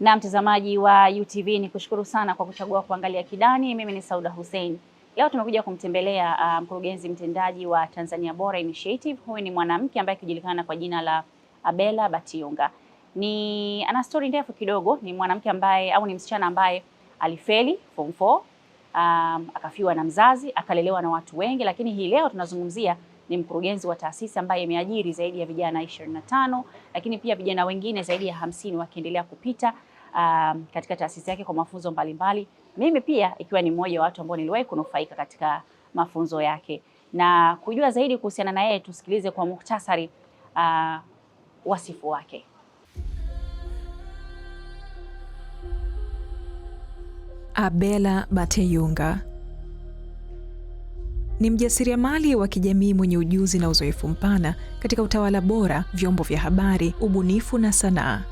Na mtazamaji wa UTV ni kushukuru sana kwa kuchagua kuangalia Kidani. Mimi ni Sauda Hussein. Leo tumekuja kumtembelea uh, mkurugenzi mtendaji wa Tanzania Bora Initiative. Huyu ni mwanamke ambaye akijulikana kwa jina la Abela Batiunga. Ni ana story ndefu kidogo, ni mwanamke ambaye au ni msichana ambaye alifeli form 4, um, akafiwa na mzazi, akalelewa na watu wengi, lakini hii leo tunazungumzia ni mkurugenzi wa taasisi ambaye imeajiri zaidi ya vijana 25 lakini pia vijana wengine zaidi ya hamsini wakiendelea kupita um, katika taasisi yake kwa mafunzo mbalimbali mbali. Mimi pia ikiwa ni mmoja wa watu ambao niliwahi kunufaika katika mafunzo yake. Na kujua zaidi kuhusiana na yeye, tusikilize kwa muhtasari uh, wasifu wake. Abela Bateyunga ni mjasiriamali wa kijamii mwenye ujuzi na uzoefu mpana katika utawala bora, vyombo vya habari, ubunifu na sanaa.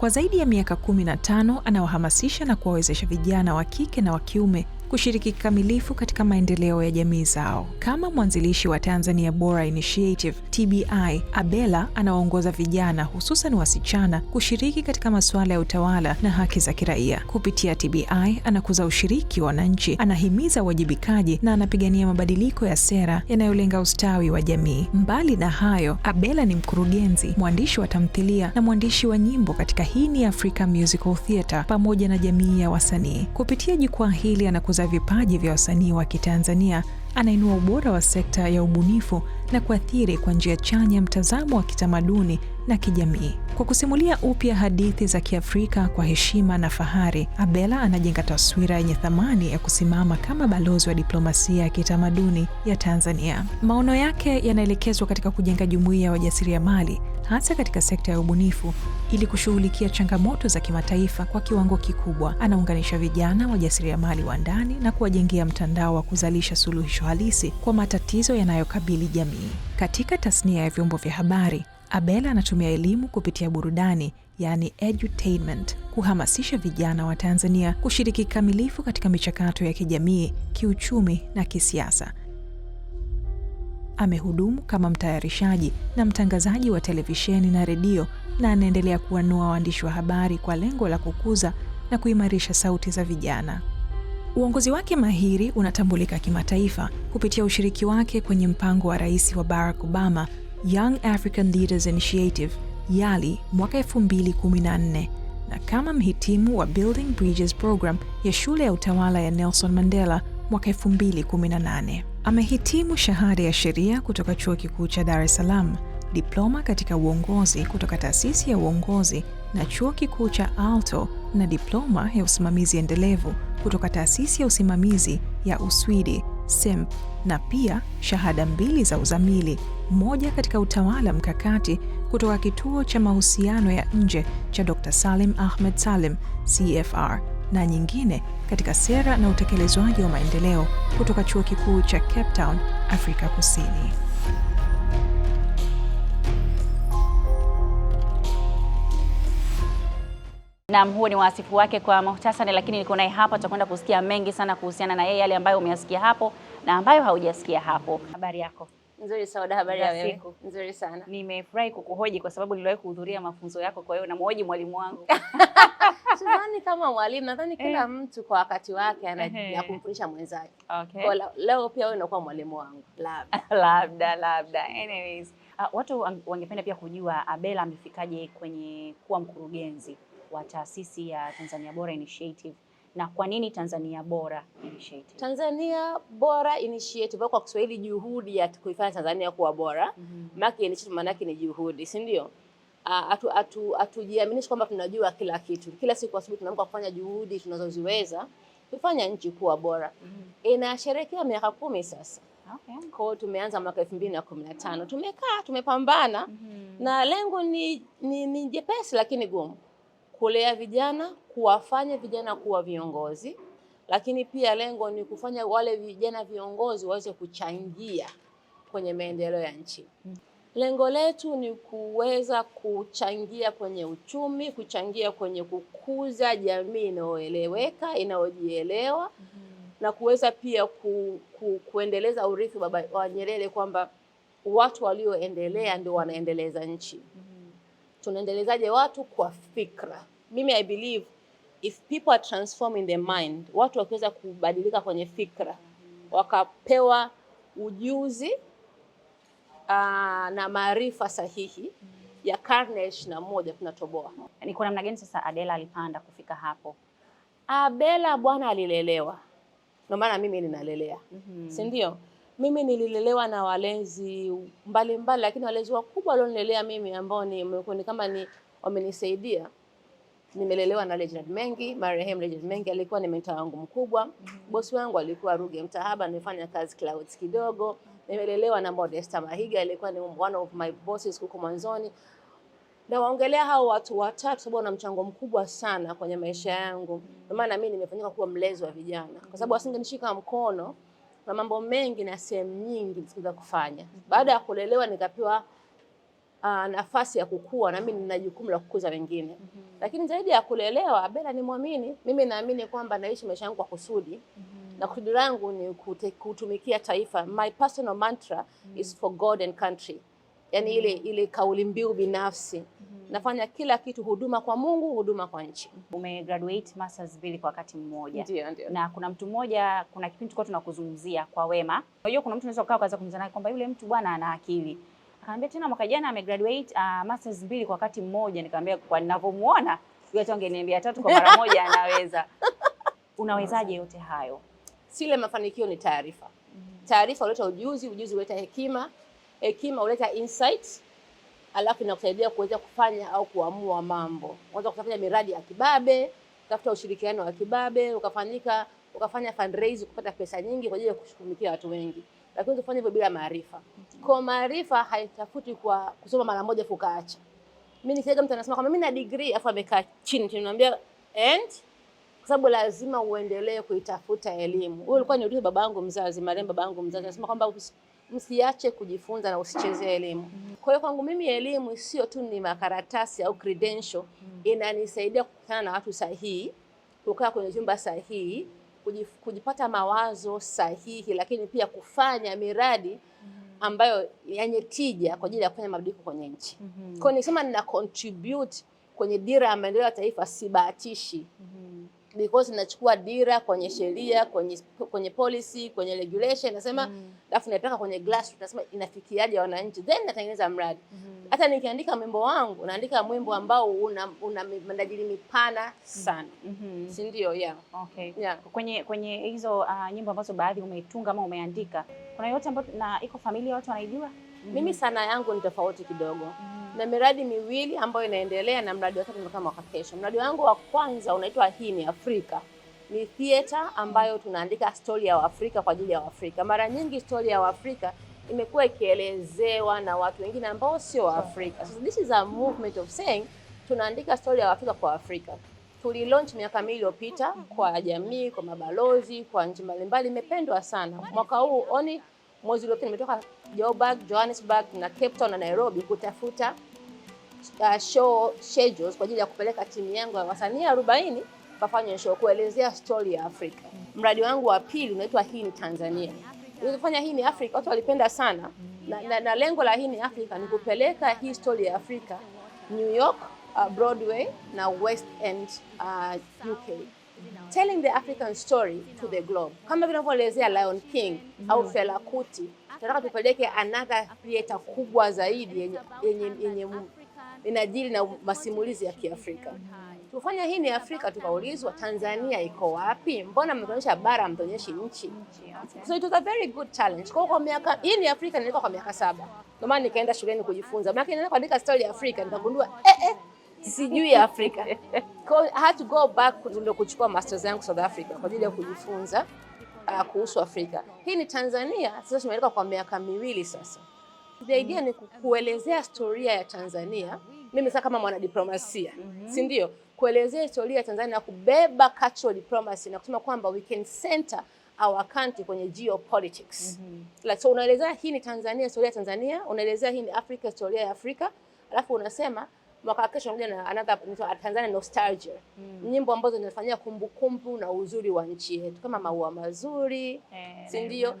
Kwa zaidi ya miaka 15 anawahamasisha na kuwawezesha vijana wa kike na wa kiume kushiriki kikamilifu katika maendeleo ya jamii zao. Kama mwanzilishi wa Tanzania Bora Initiative TBI, Abela anawaongoza vijana hususan wasichana kushiriki katika masuala ya utawala na haki za kiraia. Kupitia TBI anakuza ushiriki wa wananchi, anahimiza uwajibikaji na anapigania mabadiliko ya sera yanayolenga ustawi wa jamii. Mbali na hayo, Abela ni mkurugenzi, mwandishi wa tamthilia na mwandishi wa nyimbo katika Hii ni Africa Musical Theatre pamoja na jamii ya wasanii. Kupitia jukwaa hili anakuza kukuza vipaji vya wasanii wa Kitanzania, anainua ubora wa sekta ya ubunifu na kuathiri kwa njia chanya mtazamo wa kitamaduni na kijamii. Kwa kusimulia upya hadithi za Kiafrika kwa heshima na fahari, Abela anajenga taswira yenye thamani ya kusimama kama balozi wa diplomasia ya kitamaduni ya Tanzania. Maono yake yanaelekezwa katika kujenga jumuiya ya wajasiriamali, hasa katika sekta ya ubunifu, ili kushughulikia changamoto za kimataifa kwa kiwango kikubwa. Anaunganisha vijana wajasiriamali wa ndani na kuwajengea mtandao wa kuzalisha suluhisho halisi kwa matatizo yanayokabili jamii. Katika tasnia ya vyombo vya habari Abela anatumia elimu kupitia burudani, yaani edutainment, kuhamasisha vijana wa Tanzania kushiriki kikamilifu katika michakato ya kijamii, kiuchumi na kisiasa. Amehudumu kama mtayarishaji na mtangazaji wa televisheni na redio na anaendelea kuwanua waandishi wa habari kwa lengo la kukuza na kuimarisha sauti za vijana. Uongozi wake mahiri unatambulika kimataifa kupitia ushiriki wake kwenye mpango wa Rais wa Barack Obama Young African Leaders Initiative YALI mwaka 2014 na kama mhitimu wa Building Bridges Program ya shule ya utawala ya Nelson Mandela mwaka 2018. Amehitimu shahada ya sheria kutoka Chuo Kikuu cha Dar es Salaam, diploma katika uongozi kutoka Taasisi ya Uongozi na Chuo Kikuu cha Aalto na diploma ya usimamizi endelevu kutoka Taasisi ya Usimamizi ya Uswidi SEMP na pia shahada mbili za uzamili, moja katika utawala mkakati kutoka kituo cha mahusiano ya nje cha Dr. Salim Ahmed Salim CFR na nyingine katika sera na utekelezwaji wa maendeleo kutoka chuo kikuu cha Cape Town, Afrika Kusini. Naam, huo ni wasifu wake kwa muhtasari, lakini niko naye hapa, tutakwenda kusikia mengi sana kuhusiana na yeye, yale ambayo umeyasikia hapo na ambayo haujasikia hapo. Habari yako? Nzuri Sauda, habari ya siku? Nzuri sana. Nimefurahi kukuhoji kwa sababu niliwahi kuhudhuria mafunzo yako, kwa hiyo namhoji mwalimu wangu. Sidhani kama mwalimu, nadhani kila hey, eh. mtu kwa wakati wake ana eh. kumfundisha mwenzake. Okay. Kwa leo pia wewe unakuwa mwalimu wangu. Labda. labda, labda. Anyways, uh, watu wangependa pia kujua Abela amefikaje kwenye kuwa mkurugenzi wa taasisi ya Tanzania Bora Initiative na kwa nini Tanzania Bora Initiative? Tanzania Bora Initiative kwa Kiswahili, juhudi ya kuifanya Tanzania kuwa bora. mm -hmm. Maana initiative maana yake ni juhudi, si ndio? Hatujiaminishi kwamba tunajua kila kitu. Kila siku asubuhi tunaamka kufanya juhudi tunazoziweza kufanya nchi kuwa bora. mm -hmm. Inasherehekea miaka kumi sasa Okay. Kwa tumeanza mwaka elfu mbili na kumi na tano tumekaa tumepambana, mm -hmm. na lengo ni, ni, ni jepesi lakini gumu kulea vijana, kuwafanya vijana kuwa viongozi, lakini pia lengo ni kufanya wale vijana viongozi waweze kuchangia kwenye maendeleo ya nchi. Lengo letu ni kuweza kuchangia kwenye uchumi, kuchangia kwenye kukuza jamii inayoeleweka, inayojielewa mm -hmm. na kuweza pia ku, ku, kuendeleza urithi baba wa Nyerere kwamba watu walioendelea ndio wanaendeleza nchi mm -hmm. Tunaendelezaje watu kwa fikra, mimi I believe if people are transforming their mind, watu wakiweza kubadilika kwenye fikra wakapewa ujuzi uh, na maarifa sahihi ya karne ya ishirini na moja tunatoboa. Ni kwa namna gani sasa Adela alipanda kufika hapo? Abela bwana alilelewa, ndio maana mimi ninalelea mm -hmm. si ndio? Mimi nililelewa na walezi mbalimbali mbali, lakini walezi wakubwa walionilelea mimi ambao ni kama ni wamenisaidia nimelelewa na Legend Mengi, marehemu Legend Mengi alikuwa ni mentor wangu mkubwa. mm -hmm. Bosi wangu alikuwa Ruge Mtahaba, nimefanya kazi Clouds kidogo. Nimelelewa na Modesta Mahiga, alikuwa ni one of my bosses huko mwanzoni. Nawaongelea hao watu watatu sababu wana mchango mkubwa sana kwenye maisha yangu, kwa maana mimi nimefanyika kuwa mlezi wa vijana, kwa sababu wasingenishika mkono na mambo mengi na sehemu nyingi nisingeweza kufanya. Mhm. Baada ya kulelewa nikapewa uh, nafasi ya kukua na mimi nina jukumu la kukuza wengine. mm -hmm. Lakini zaidi ya kulelewa, Bella ni mwamini. Mimi naamini kwamba naishi maisha yangu kwa kusudi mm -hmm. na kusudi langu ni kute, kutumikia taifa. My personal mantra mm -hmm. is for God and country, yaani mm -hmm. ile mhm. ile kauli mbiu binafsi mm -hmm. nafanya kila kitu, huduma kwa Mungu, huduma kwa nchi. Umegraduate masters mbili kwa wakati mmoja. Ndiyo, ndiyo. Na kuna mtu mmoja, kuna kipindi tulikuwa tunakuzungumzia kwa wema. Unajua kuna mtu unaweza kukaa ukaanza kumzana kwamba yule mtu bwana ana akili kaambia tena mwaka jana amegraduate uh, masters mbili kwa wakati mmoja. Nikamwambia kwa ninavyomuona yeye tu angeniambia tatu kwa mara moja anaweza. Unawezaje yote hayo? Sile mafanikio ni taarifa. Taarifa huleta ujuzi, ujuzi huleta hekima, hekima huleta insight, alafu inakusaidia kuweza kufanya au kuamua mambo. Unaweza kufanya miradi ya kibabe, kutafuta ushirikiano wa kibabe, ukafanyika ukafanya fundraise kupata pesa nyingi kwa ajili ya kushughulikia watu wengi lakini tufanye hivyo bila maarifa. Kwa maarifa haitafuti kwa kusoma mara moja fukaacha. Mimi nikiaga mtu anasema kwamba mimi na degree afu amekaa chini chini, niambia and kwa sababu lazima uendelee kuitafuta elimu. Huyo ulikuwa ni urithi babangu mzazi, marehemu babangu mzazi anasema kwamba msiache kujifunza na usichezee elimu. Kwa hiyo kwangu mimi elimu sio tu ni makaratasi au credential, inanisaidia kukutana na watu sahihi, kukaa kwenye jumba sahihi kujipata mawazo sahihi, lakini pia kufanya miradi mm-hmm. ambayo yenye tija kwa ajili ya kufanya mabadiliko kwenye nchi. Mm-hmm. Kwa hiyo nikisema nina contribute kwenye dira ya maendeleo ya taifa sibahatishi. Mm-hmm because nachukua dira kwenye sheria kwenye, kwenye policy kwenye regulation nasema mm. Alafu naipeka kwenye glass nasema inafikiaje wananchi, then natengeneza mradi mm-hmm. hata mm. Nikiandika mwimbo wangu naandika mwimbo ambao una, una mandajili mipana sana mm -hmm. si ndio? yeah. Okay. yeah. Kwenye kwenye hizo uh, nyimbo ambazo baadhi umeitunga ama umeandika kuna yote ambayo na iko familia watu wanaijua? mm -hmm. Mimi sana yangu ni tofauti kidogo mm -hmm na miradi miwili ambayo inaendelea na mradi wa tatu unaanza mwaka kesho. Mradi wangu wa kwanza unaitwa Hii ni Afrika, ni theatre ambayo tunaandika stori ya Waafrika kwa ajili ya Waafrika. Mara nyingi stori ya Waafrika imekuwa ikielezewa na watu wengine ambao sio Waafrika. So this is a movement of saying tunaandika stori ya Waafrika kwa Waafrika. launch miaka miwili iliyopita kwa jamii, kwa mabalozi, kwa nchi mbalimbali, imependwa sana. Mwaka huu oni Mwezi uliopita nimetoka Joburg, Johannesburg na Cape Town na Nairobi kutafuta uh, show schedules kwa ajili ya kupeleka timu yangu ya wasanii 40 kafanya show kuelezea story ya Afrika. Mradi wangu wa pili unaitwa Hii ni Tanzania. Nilifanya Hii ni Afrika, watu walipenda sana na, na, na lengo la Hii ni Afrika ni kupeleka hii story ya Afrika New York, uh, Broadway na West End uh, UK telling the African story to the globe, kama vinavyoelezea Lion King au mm. Fela Kuti. Tunataka tupeleke another creator kubwa zaidi yenye, yenye, inajili na masimulizi ya Kiafrika. Tufanya hii ni Afrika, tukaulizwa Tanzania iko wapi? Mbona mmeonyesha bara, mtonyeshi nchi? So it was a very good challenge. Kwa kwa miaka hii ni Afrika nilikuwa kwa miaka saba. Ndio maana nikaenda shuleni kujifunza. Maana nikaenda kuandika story ya Afrika nikagundua eh eh sijui Afrika. I had to go back ndio kuchukua masters yangu South Africa kwa ajili ya kujifunza uh, kuhusu Afrika. Hii ni Tanzania, sasa tumeleka kwa miaka miwili sasa. The idea ni kuelezea historia ya Tanzania, mimi sasa kama mwanadiplomasia, mhm. si ndio? Kuelezea historia ya Tanzania na kubeba cultural diplomacy na kusema kwamba we can center our country kwenye geopolitics. Mm -hmm. Like, so unaelezea hii ni Tanzania, historia ya Tanzania, unaelezea hii ni Afrika, historia ya Afrika, alafu unasema mwaka kesho nakuja na another Tanzania nostalgia mm. nyimbo ambazo zinafanyia kumbukumbu na uzuri wa nchi yetu kama maua mazuri eh, si ndio?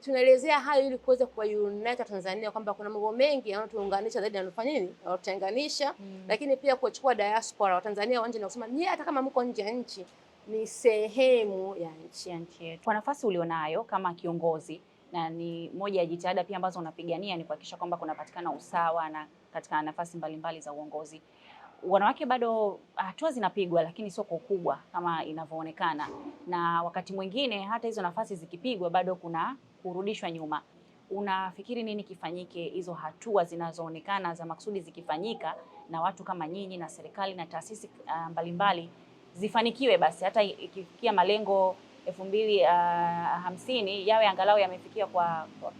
Tunaelezea hayo ili kuweza unite Tanzania kwamba kuna mambo mengi yanayotuunganisha zaidi yanayofanya nini, yanayotenganisha mm. lakini pia kuwachukua diaspora wa Tanzania wanje na kusema ni hata kama mko nje ya nchi ni sehemu ya nchi ya nchi yetu. Kwa nafasi ulionayo kama kiongozi na ni moja ya jitihada pia ambazo unapigania ni kuhakikisha kwamba kunapatikana usawa na katika nafasi mbalimbali za uongozi. Wanawake bado ah, hatua zinapigwa, lakini sio kwa ukubwa kama inavyoonekana, na wakati mwingine hata hizo nafasi zikipigwa bado kuna kurudishwa nyuma. Unafikiri nini kifanyike, hizo hatua zinazoonekana za maksudi zikifanyika na watu kama nyinyi na serikali na taasisi uh, mbalimbali zifanikiwe, basi hata ikifikia malengo elfu mbili uh, hamsini yawe angalau yamefikia kwa, kwa,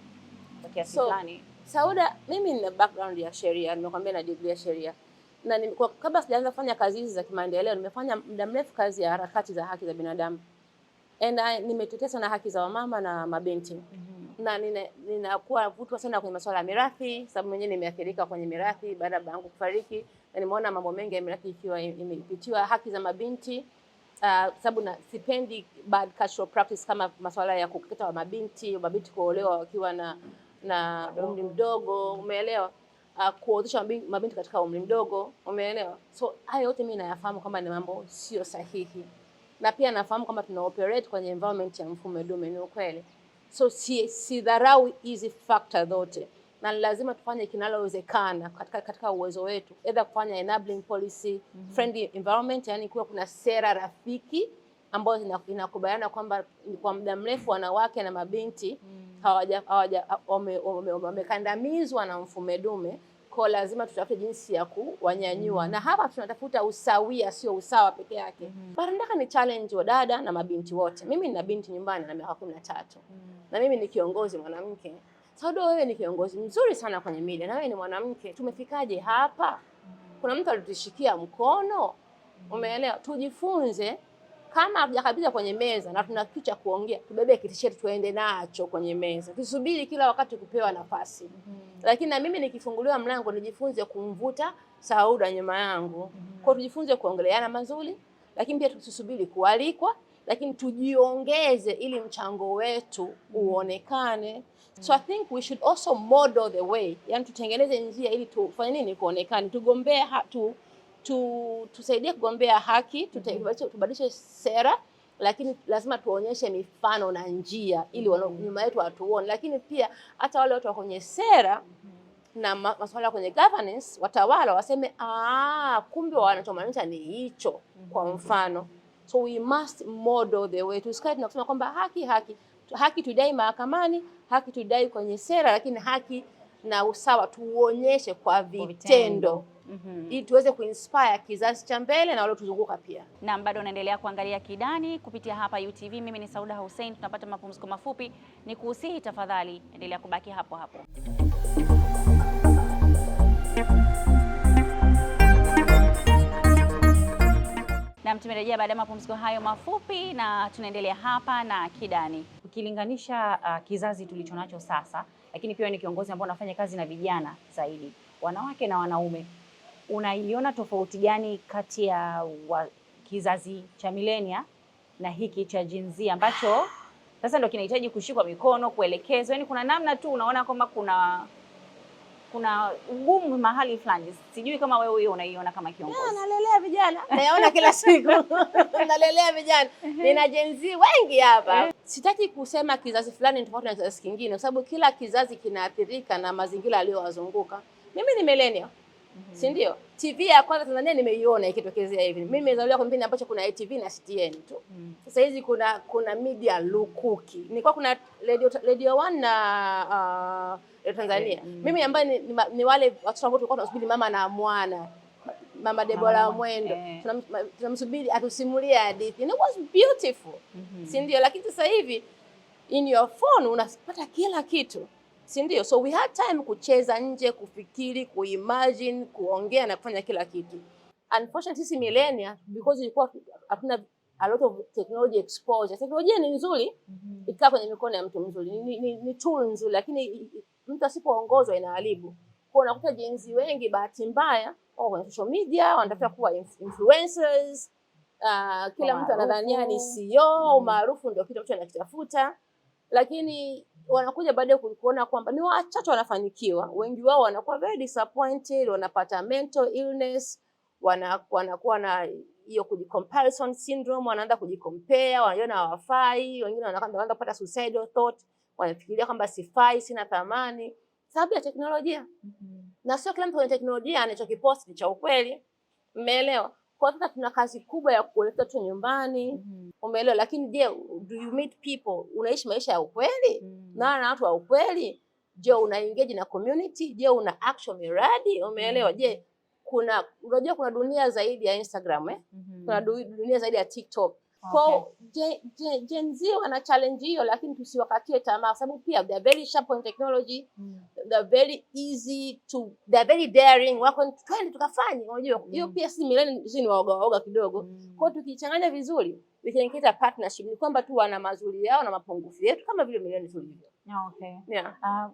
kwa kiasi fulani so, Sauda, mimi nina background ya sheria, nimekwambia na degree ya sheria na ni, kwa, kabla sijaanza kufanya kazi hizi za kimaendeleo, nimefanya muda mrefu kazi ya harakati za haki za binadamu and nimetetea sana haki za wamama na mabinti mm -hmm. na ninakuwa nina vutwa sana kwenye masuala ya mirathi, sababu mwenyewe nimeathirika kwenye mirathi baada ya baba yangu kufariki, na nimeona mambo mengi ya mirathi ikiwa imepitiwa haki za mabinti uh, sababu na sipendi bad cultural practice kama masuala ya kukeketa wa mabinti, mabinti kuolewa wakiwa na na umri mdogo, umeelewa? Uh, ah, kuozesha mabinti katika umri mdogo, umeelewa? So haya yote mimi nayafahamu kwamba ni mambo sio sahihi, na pia nafahamu kwamba tuna operate kwenye environment ya mfumo dume, ni ukweli. So si si dharau hizi factor zote, na lazima tufanye kinalowezekana katika, katika uwezo wetu, either kufanya enabling policy mm -hmm. friendly environment, yani kuwa kuna sera rafiki ambayo inakubaliana kwamba kwa muda mrefu wanawake na mabinti mm -hmm wamekandamizwa na mfumo dume, kwa lazima tutafute jinsi ya kuwanyanyua mm -hmm. na hapa tunatafuta usawia, sio usawa peke yake mm -hmm. Barandaka ni challenge wa dada na mabinti wote. Mimi nina binti nyumbani na miaka kumi na tatu mm -hmm. na mimi ni kiongozi mwanamke. Saudo, wewe ni kiongozi mzuri sana kwenye media na wewe ni mwanamke, tumefikaje hapa? Mm. Kuna mtu alitushikia mkono, mm. umeelewa? Tujifunze kama hatujakabidha kwenye meza na tuna kitu cha kuongea, tubebe kiti chetu tuende nacho kwenye meza, tusubiri kila wakati kupewa nafasi. mm -hmm. Lakini na mimi nikifunguliwa mlango nijifunze kumvuta Sauda nyuma yangu. mm -hmm. Kwa tujifunze kuongeleana mazuri, lakini pia tusubiri kualikwa, lakini tujiongeze ili mchango wetu uonekane. Mhm. So I think we should also model the way, yani tutengeneze njia ili tufanye nini, kuonekana tugombee tu tu, tusaidie kugombea haki mhm. tubadilishe, sera lakini lazima tuonyeshe mifano na njia ili mm -hmm. nyuma yetu watuone, lakini pia hata wale watu wa kwenye sera mm -hmm. na masuala kwenye governance, watawala waseme ah, kumbe mhm. wanachomaanisha ni hicho kwa mhm. mfano so we must model the way, tusikae tunasema kwamba haki haki haki, tudai mahakamani, haki tudai kwenye sera, lakini haki na usawa tuonyeshe kwa vitendo mm -hmm. ili tuweze kuinspire kizazi cha mbele na waliotuzunguka pia. Na bado unaendelea kuangalia Kidani kupitia hapa UTV. Mimi ni Sauda Hussein, tunapata mapumziko mafupi, ni kuhusihi tafadhali endelea kubaki hapo hapo. Na tumerejea baada ya mapumziko hayo mafupi na tunaendelea hapa na Kidani. Ukilinganisha uh, kizazi tulichonacho sasa, lakini pia ni kiongozi ambao anafanya kazi na vijana zaidi, wanawake na wanaume unaiona tofauti gani kati ya kizazi cha milenia na hiki cha Gen ambacho sasa ndo kinahitaji kushikwa mikono, kuelekezwa? Yani kuna namna tu unaona kwamba kuna kuna ugumu mahali fulani. Sijui kama wewe hiyo unaiona kama kiongozi. Na nalelea vijana. Naona kila siku. Nalelea vijana. Uh-huh. Nina jenzi wengi hapa. Uh-huh. Sitaki kusema kizazi fulani tofauti na kizazi kingine kwa sababu kila kizazi kinaathirika na mazingira aliyowazunguka. Mimi ni millennial. Mhm. si ndio? TV ya kwanza Tanzania nimeiona ikitokezea hivi. Mimi nimezaliwa kwa kipindi ambacho kuna ITV na CTN tu. Mhm. Sasa hizi kuna kuna media lukuki. Nilikuwa kuna Radio Radio 1 na uh, Tanzania. Mm. Mimi ambaye ni, ni, ni wale watoto ambao tulikuwa tunasubiri mama na mwana. Mama Debora Mwendo eh, tunamsubiri atusimulia hadithi. it was beautiful. Mm -hmm. Si ndio? Lakini sasa hivi in your phone unapata kila kitu si ndio? So we had time kucheza nje, kufikiri, kuimagine, kuongea na kufanya kila kitu. Unfortunately sisi millennia because ilikuwa hatuna a lot of technology exposure. Teknolojia ni nzuri mm -hmm. Ikaa kwenye mikono ya mtu mzuri ni, ni, ni tool nzuri, lakini mtu asipoongozwa inaharibu. Kwa unakuta jenzi wengi bahati mbaya wako kwenye social media wanatafuta kuwa influencers. Uh, kila mtu anadhania ni CEO, mm. umaarufu ndio kitu mtu anakitafuta, lakini wanakuja baada ya kuona kwamba ni wachache wanafanikiwa. Wengi wao wanakuwa very disappointed, wanapata mental illness, wanakuwa na hiyo kujicomparison syndrome, wanaanza kujicompare, wanajiona hawafai, wengine wanaanza kupata suicidal thought, wanafikiria kwamba sifai, sina thamani, sababu ya teknolojia. mm -hmm. Na sio kila mtu kwenye teknolojia anachokiposti ni cha ukweli, mmeelewa? Kwa sasa tuna kazi kubwa ya kuleta watu nyumbani mm -hmm. Umeelewa? Lakini je, do you meet people? Unaishi maisha ya ukweli mm -hmm. na watu wa ukweli? Je, una engage na community? Je, una actual miradi? Umeelewa? Je, mm-hmm. kuna unajua kuna dunia zaidi ya Instagram eh? mm -hmm. Kuna dunia zaidi ya TikTok Ah, kwa Gen Z wana challenge hiyo, lakini tusiwakatie tamaa, sababu pia they are very sharp on technology, mm. they are very easy to, they are very daring, wako twende tukafanye. Unajua mm. hiyo pia si mileni si ni waoga waoga kidogo, mm. kwa hiyo tukichanganya vizuri we can get a partnership. Ni kwamba tu wana mazuri yao na mapungufu yetu kama vile mileni tulivyo. Ah, okay. Yeah. Uh, ah,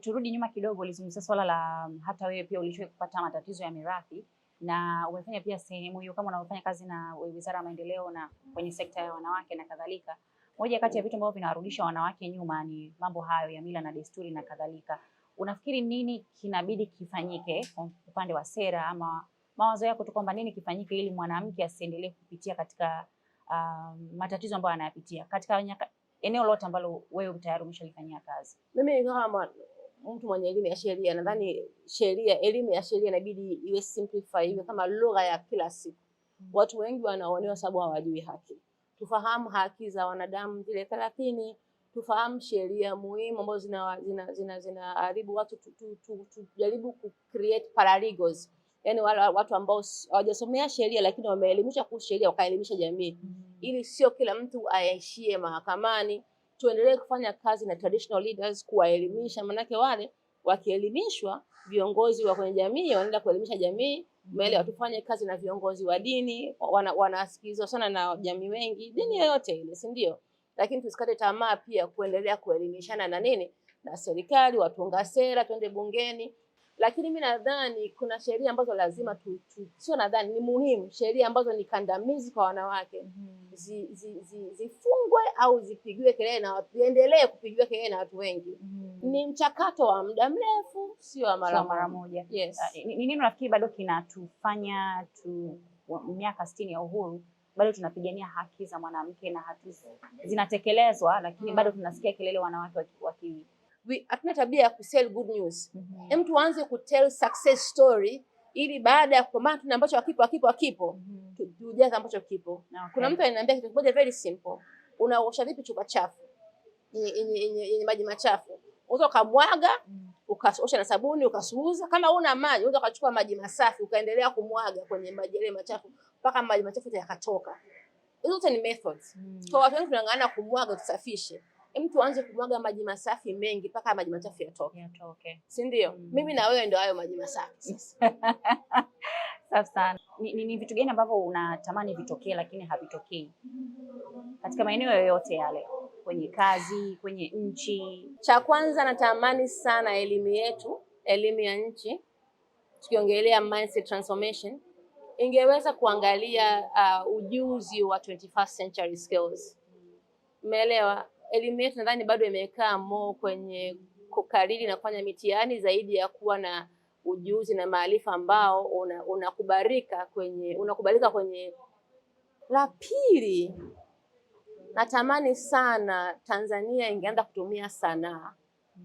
turudi nyuma kidogo, ulizungumzia swala la hata wewe pia ulishawahi kupata matatizo ya mirathi na umefanya pia sehemu hiyo kama unaofanya kazi na Wizara ya Maendeleo na kwenye sekta ya wanawake na kadhalika. Moja kati ya vitu ambavyo vinawarudisha wanawake nyuma ni mambo hayo ya mila na desturi na kadhalika. Unafikiri nini kinabidi kifanyike kwa upande wa sera ama mawazo yako tu kwamba nini kifanyike ili mwanamke asiendelee kupitia katika uh, matatizo ambayo anayapitia katika eneo lote ambalo wewe tayari umeshalifanyia kazi? Mimi kama mtu mwenye elimu ya sheria, nadhani sheria, elimu ya sheria inabidi iwe simplify, iwe kama lugha ya kila siku. Mm. Watu wengi wanaonewa sababu hawajui haki. Tufahamu haki za wanadamu zile thelathini, tufahamu sheria muhimu ambazo zinaharibu zina, zina, zina, watu, tujaribu tu, create paralegals, yani wale watu ambao hawajasomea sheria lakini wameelimishwa kuhusu sheria wakaelimisha jamii, mm. ili sio kila mtu aishie mahakamani tuendelee kufanya kazi na traditional leaders kuwaelimisha, maanake wale wakielimishwa viongozi wa kwenye jamii wanaenda kuelimisha jamii mbele. tufanye kazi na viongozi wa dini, wanasikilizwa sana na jamii wengi, dini yoyote ile, si ndio? Lakini tusikate tamaa pia kuendelea kuelimishana na nini, na serikali, watunga sera, twende bungeni lakini mi nadhani kuna sheria ambazo lazima tu, tu, sio nadhani, ni muhimu sheria ambazo ni kandamizi kwa wanawake zifungwe mm-hmm. zi, zi, zi, zifungwe au zipigiwe kelele na ziendelee kupigiwa kelele na watu wengi mm -hmm. Ni mchakato wa muda mrefu, sio wa mara moja. Yes. Uh, ni nini nafikiri bado kinatufanya tu miaka sitini ya uhuru bado tunapigania haki za mwanamke na haki zinatekelezwa, lakini mm -hmm. bado tunasikia kelele wanawake waki, waki hatuna tabia ya kusell good news. mm -hmm. Hem, tuanze kutell success story ili baada ya kukomaa tuna ambacho hakipo hakipo hakipo mm -hmm. tujaza ambacho kipo. Okay. Kuna mtu ananiambia kitu kimoja very simple, unaosha vipi chupa chafu yenye maji machafu? Unaweza ukamwaga mm. ukaosha na sabuni ukasuuza. Kama una maji unaweza ukachukua maji masafi ukaendelea kumwaga kwenye maji yale machafu mpaka maji machafu yakatoka. Hizo zote ni methods. mm -hmm. Kwa watu wengi tunang'ang'ana kumwaga tusafishe mtu aanze kumwaga maji masafi mengi mpaka maji machafu yatoke yatoke, si ndio? Mm. Mimi na wewe ndio hayo maji masafi sasa. Safi sana. Ni, ni vitu gani ambavyo unatamani vitokee lakini havitokei katika maeneo yoyote yale, kwenye kazi, kwenye nchi? Cha kwanza natamani sana elimu yetu, elimu ya nchi, tukiongelea mindset transformation ingeweza kuangalia uh, ujuzi wa 21st century skills. Umeelewa? elimu yetu nadhani bado imekaa mo kwenye kukariri na kufanya mitihani zaidi ya kuwa na ujuzi na maarifa ambao una, unakubalika kwenye unakubalika kwenye. La pili, natamani sana Tanzania ingeanza kutumia sanaa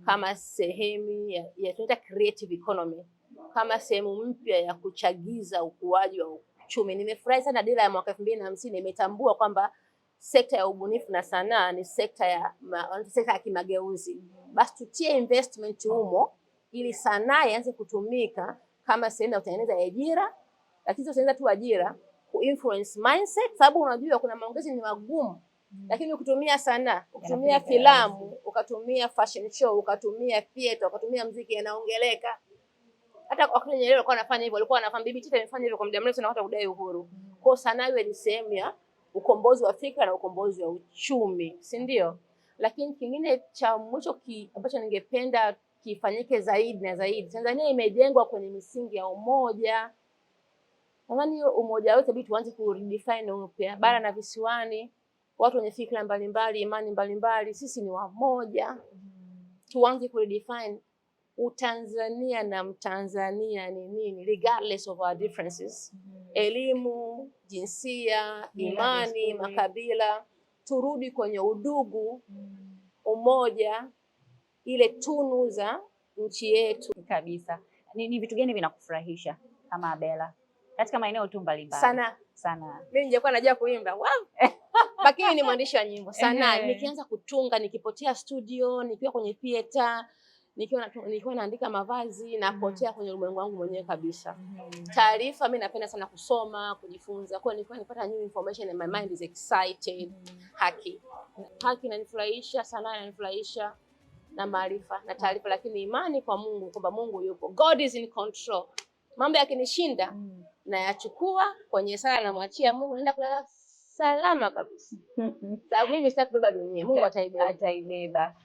kama sehemu ya, ya tunaita creative economy kama sehemu mpya ya kuchagiza ukuaji wa uchumi. Nimefurahi sana dira ya mwaka elfu mbili na hamsini imetambua kwamba sekta ya ubunifu na sanaa ni sekta ya ma, sekta ya kimageuzi, basi tutie investment humo ili sanaa ianze kutumika kama sehemu ya kutengeneza ajira, lakini sio tu ajira, ku influence mindset, sababu unajua kuna maongezi ni magumu mm. lakini ukitumia sanaa, ukitumia filamu, ukatumia fashion show, ukatumia theater, ukatumia mziki, yanaongeleka. Hata kwa kile Nyerere alikuwa anafanya hivyo, alikuwa anafanya bibi Titi amefanya hivyo kwa muda mrefu, na hata kudai uhuru. Mm. Kwa sanaa iwe ni sehemu ya ukombozi wa fikra na ukombozi wa uchumi, si ndio? Lakini kingine cha mwisho ki, ambacho ningependa kifanyike zaidi na zaidi, Tanzania imejengwa kwenye misingi ya umoja. Nadhani umoja wetu bidi tuanze ku redefine upya, bara na visiwani, watu wenye fikra mbalimbali, imani mbalimbali, sisi ni wamoja. Mm. Tuanze ku redefine Utanzania na Mtanzania ni nini, regardless of our differences mm -hmm. Elimu, jinsia, imani, yeah, makabila, turudi kwenye udugu mm-hmm. umoja, ile tunu za nchi yetu kabisa. Ni, ni vitu gani vinakufurahisha kama Abela katika maeneo tu mbalimbali? Sana sana, mimi nilikuwa najua kuimba wow. lakini ni mwandishi wa nyimbo sana nikianza kutunga, nikipotea studio, nikiwa kwenye theater nikiwa nikiwa naandika mavazi napotea mm. kwenye ulimwengu wangu mwenyewe kabisa. Mm-hmm. Taarifa mimi napenda sana kusoma, kujifunza. Kwa hiyo nipata new information and my mind is excited. Mm-hmm. Haki, haki inanifurahisha, sana inanifurahisha na maarifa na taarifa, lakini imani kwa Mungu kwamba Mungu yupo, God is in control. Mambo yakinishinda mm. nayachukua kwenye sala, namwachia Mungu, naenda kulala salama kabisa. Mm-hmm. Sababu mimi sitaki kubeba dunia, Mungu ataibeba.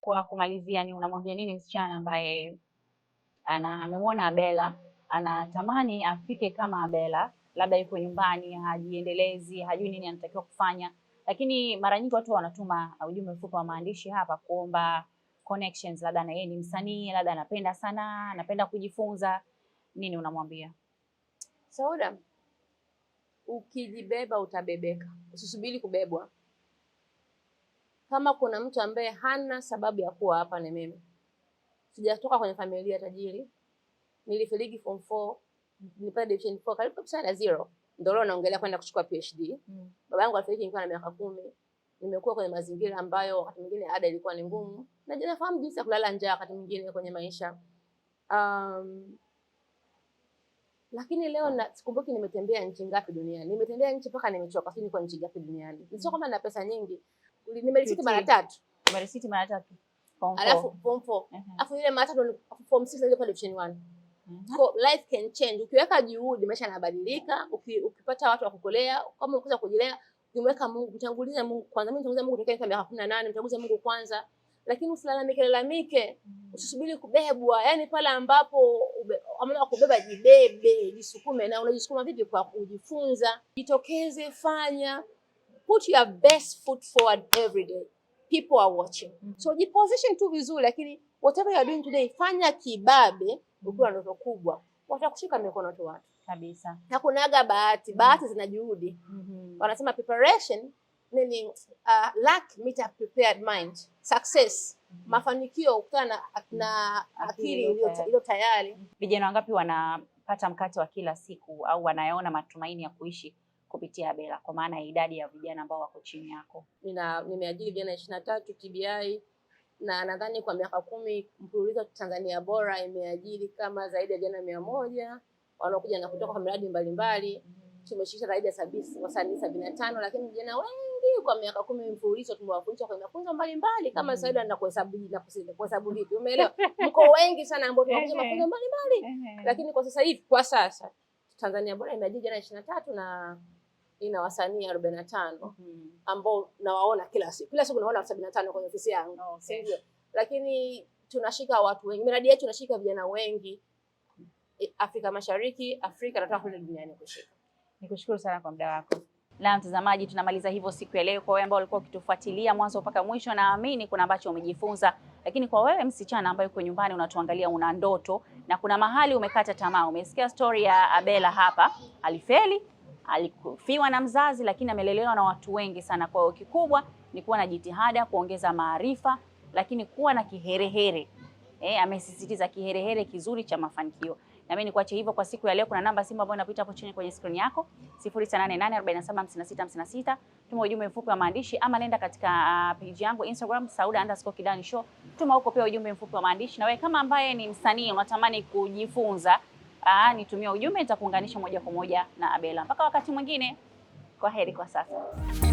Kwa kumalizia, ni unamwambia nini msichana ambaye amemwona Abela anatamani afike kama Abela, labda yuko nyumbani hajiendelezi, hajui nini anatakiwa kufanya, lakini mara nyingi watu wanatuma ujumbe mfupi wa maandishi hapa kuomba connections, labda na yeye ni msanii, labda anapenda sanaa, anapenda kujifunza nini, unamwambia Sauda? Ukijibeba utabebeka, usisubiri kubebwa. Kama kuna mtu ambaye hana sababu ya kuwa hapa ni mimi. Sijatoka kwenye familia tajiri, nilifiligi form 4 nilipata division 4 karibu kabisa na zero, ndio leo naongelea kwenda kuchukua PhD. Mm. Baba yangu alifariki nikiwa na miaka kumi. Nimekuwa kwenye mazingira ambayo wakati mwingine ada ilikuwa ni ngumu, na je, nafahamu jinsi ya kulala njaa wakati mwingine kwenye maisha um, lakini leo na sikumbuki nimetembea nchi ngapi duniani. Nimetembea nchi mpaka nimechoka, sio niko nchi ngapi duniani. Sio kama na pesa nyingi, nimelisiti mara tatu, nimerisiti uh-huh. mara tatu, alafu form 4 alafu ile mara tatu form 6 ndio pale option 1. Uh-huh. So life can change, ukiweka juhudi maisha yanabadilika. Ukipata watu wa kukolea, kama unakosa kujilea, ukimweka Mungu, utanguliza Mungu kwanza. Mimi nitanguliza Mungu tokea miaka kumi na nane, mtanguliza Mungu kwanza, lakini usilalamike lalamike, mm-hmm. usisubiri kubebwa. Yaani pale ambapo amana kubeba, jibebe, jisukume. Na unajisukuma vipi? Kwa kujifunza. Jitokeze, fanya Put your best foot forward every day. People are watching. Mm -hmm. So jiposition tu vizuri, lakini whatever you are doing today, fanya kibabe ukiwa na ndoto kubwa, watakushika mikono tu watu kabisa. Hakunaga bahati, bahati mm-hmm. zina juhudi. Mm-hmm. Wanasema preparation nini, uh, luck meet a prepared mind. Success mm-hmm. mafanikio ukutana na akili iliyo tayari. Vijana wangapi wanapata mkate wa kila siku au wanayaona matumaini ya kuishi kupitia BELA kwa maana ya idadi ya vijana ambao wako chini yako. Nina nimeajiri vijana ishirini na tatu TBI na nadhani kwa miaka kumi mfululizo Tanzania Bora imeajiri kama zaidi ya vijana mia moja wanaokuja na kutoka kwa miradi mbalimbali. Tumeshirikisha zaidi ya wasanii sabini na tano lakini vijana wengi kwa miaka kumi mfululizo tumewafundisha kwenye mafunzo mbalimbali kama mm-hmm. saida na kuhesabu na kuhesabu vipi, umeelewa? Mko wengi sana ambao tunakuja mafunzo mbalimbali, lakini kwa sasa hivi, kwa sasa Tanzania Bora imeajiri vijana ishirini na tatu na ina wasanii arobaini na tano mhm. ambao nawaona kila siku, kila siku naona watu sabini na tano kwenye ofisi yangu, oh, okay. Lakini tunashika watu wengi, miradi yetu inashika vijana wengi e, Afrika Mashariki, Afrika, na kule duniani kushika. Nikushukuru sana kwa muda wako. Na mtazamaji, tunamaliza hivyo siku ya leo. Kwa wewe ambao ulikuwa ukitufuatilia mwanzo mpaka mwisho, naamini kuna ambacho umejifunza, lakini kwa wewe msichana ambaye uko nyumbani unatuangalia, una ndoto na kuna mahali umekata tamaa, umesikia story ya Abela hapa, alifeli alikufiwa na mzazi, lakini amelelewa na watu wengi sana. Kwa hiyo kikubwa ni kuwa na jitihada, kuongeza maarifa, lakini kuwa na kiherehere. Eh, amesisitiza kiherehere kizuri cha mafanikio. Na mimi nikuache hivyo kwa siku ya leo. Kuna namba simu ambayo inapita hapo chini kwenye screen yako 0688475656. Tuma ujumbe mfupi wa maandishi ama nenda katika uh, page yangu Instagram sauda_kidani show. Tuma huko pia ujumbe mfupi wa maandishi, na wewe kama ambaye ni msanii unatamani kujifunza aa, ah, nitumia ujumbe, nitakuunganisha moja kwa moja na Abela. Mpaka wakati mwingine, kwa heri kwa sasa.